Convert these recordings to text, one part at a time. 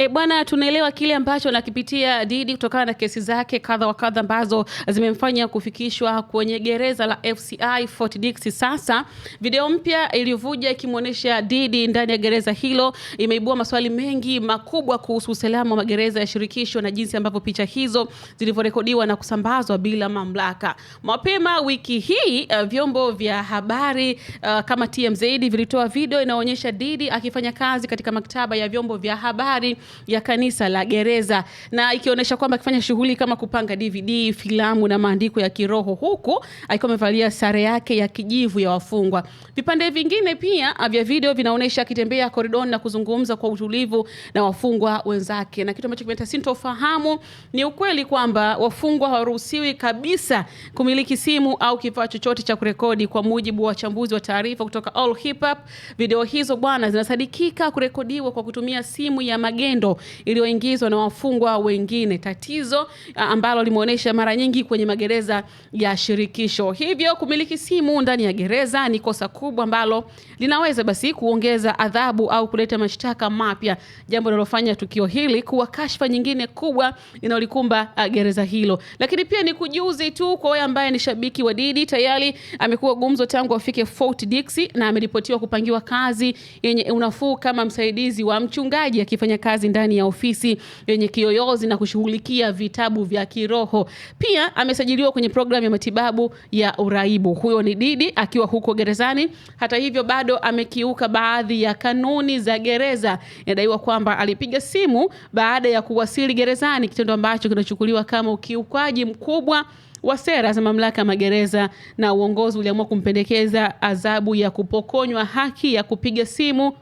E, bwana tunaelewa kile ambacho anakipitia Diddy kutokana na kesi zake kadha wa kadha ambazo zimemfanya kufikishwa kwenye gereza la FCI Fort Dix. Sasa video mpya iliyovuja ikimwonyesha Diddy ndani ya gereza hilo imeibua maswali mengi makubwa kuhusu usalama wa magereza ya shirikisho na jinsi ambavyo picha hizo zilivyorekodiwa na kusambazwa bila mamlaka. Mapema wiki hii uh, vyombo vya habari uh, kama TMZ vilitoa video inaonyesha Diddy akifanya kazi katika maktaba ya vyombo vya habari ya kanisa la gereza, na ikionyesha kwamba akifanya shughuli kama kupanga DVD, filamu na maandiko ya kiroho, huku akiwa amevalia sare yake ya kijivu ya wafungwa. Vipande vingine pia ah, vya video vinaonyesha akitembea koridoni na kuzungumza kwa utulivu na wafungwa wenzake, na kitu ambacho kimeta sintofahamu ni ukweli kwamba wafungwa hawaruhusiwi kabisa kumiliki simu au kifaa chochote cha kurekodi, kwa mujibu wa wachambuzi wa taarifa kutoka All Hip Hop. Video hizo bwana, zinasadikika kurekodiwa kwa kutumia simu ya magendo vitendo iliyoingizwa na wafungwa wengine, tatizo ambalo limeonyesha mara nyingi kwenye magereza ya shirikisho. Hivyo kumiliki simu ndani ya gereza ni kosa kubwa ambalo linaweza basi kuongeza adhabu au kuleta mashtaka mapya, jambo linalofanya tukio hili kuwa kashfa nyingine kubwa inayolikumba gereza hilo. Lakini pia ni kujuzi tu kwa wewe ambaye ni shabiki wa Didi, tayari amekuwa gumzo tangu afike Fort Dix na ameripotiwa kupangiwa kazi yenye unafuu kama msaidizi wa mchungaji akifanya kazi ndani ya ofisi yenye kiyoyozi na kushughulikia vitabu vya kiroho. Pia amesajiliwa kwenye programu ya matibabu ya uraibu. Huyo ni Didi akiwa huko gerezani. Hata hivyo, bado amekiuka baadhi ya kanuni za gereza. Inadaiwa kwamba alipiga simu baada ya kuwasili gerezani, kitendo ambacho kinachukuliwa kama ukiukaji mkubwa wa sera za mamlaka ya magereza, na uongozi uliamua kumpendekeza adhabu ya kupokonywa haki ya kupiga simu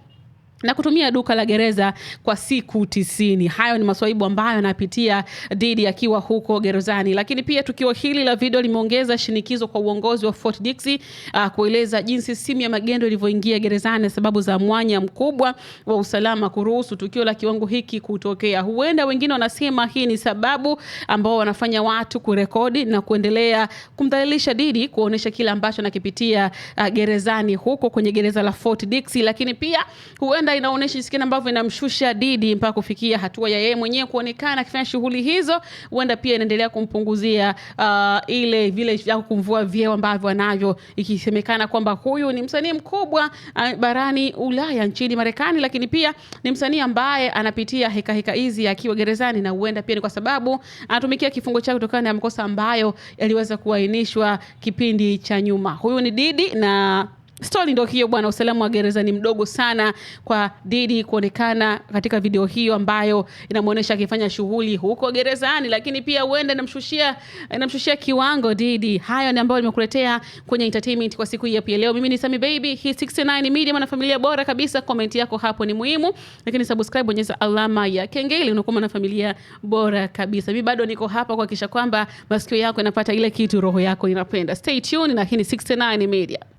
na kutumia duka la gereza kwa siku tisini. Hayo ni maswaibu ambayo anapitia Diddy akiwa huko gerezani. Lakini pia tukio hili la video limeongeza shinikizo kwa uongozi wa Fort Dix uh, ah, kueleza jinsi simu ya magendo ilivyoingia gerezani na sababu za mwanya mkubwa wa usalama kuruhusu tukio la kiwango hiki kutokea. Huenda wengine wanasema hii ni sababu ambao wanafanya watu kurekodi na kuendelea kumdhalilisha Diddy, kuonesha kile ambacho anakipitia uh, gerezani huko kwenye gereza la Fort Dix, lakini pia huenda propaganda inaonyesha jinsi gani ambavyo inamshusha didi mpaka kufikia hatua ya yeye mwenyewe kuonekana akifanya shughuli hizo. Huenda pia inaendelea kumpunguzia uh, ile vile vya kumvua vyeo ambavyo anavyo, ikisemekana kwamba huyu ni msanii mkubwa uh, barani Ulaya, nchini Marekani, lakini pia ni msanii ambaye anapitia heka heka hizi akiwa gerezani, na huenda pia ni kwa sababu anatumikia kifungo chake kutokana na makosa ambayo yaliweza kuainishwa kipindi cha nyuma. Huyu ni Didi na Stori ndo hiyo bwana. Usalama wa gereza ni mdogo sana kwa didi kuonekana katika video hiyo ambayo inamwonyesha akifanya shughuli huko gerezani, lakini pia huenda inamshushia inamshushia kiwango didi Hayo ni ambayo nimekuletea kwenye entertainment kwa siku hii ya leo. Mimi ni Sami Baby, hi 69 Media, mwanafamilia bora kabisa. Comment yako hapo ni muhimu, lakini subscribe, bonyeza alama ya kengele, unakuwa mwanafamilia bora kabisa. Mimi bado niko hapa kuhakikisha kwamba masikio yako yanapata ile kitu roho yako inapenda. Stay tuned na hii ni 69 Media.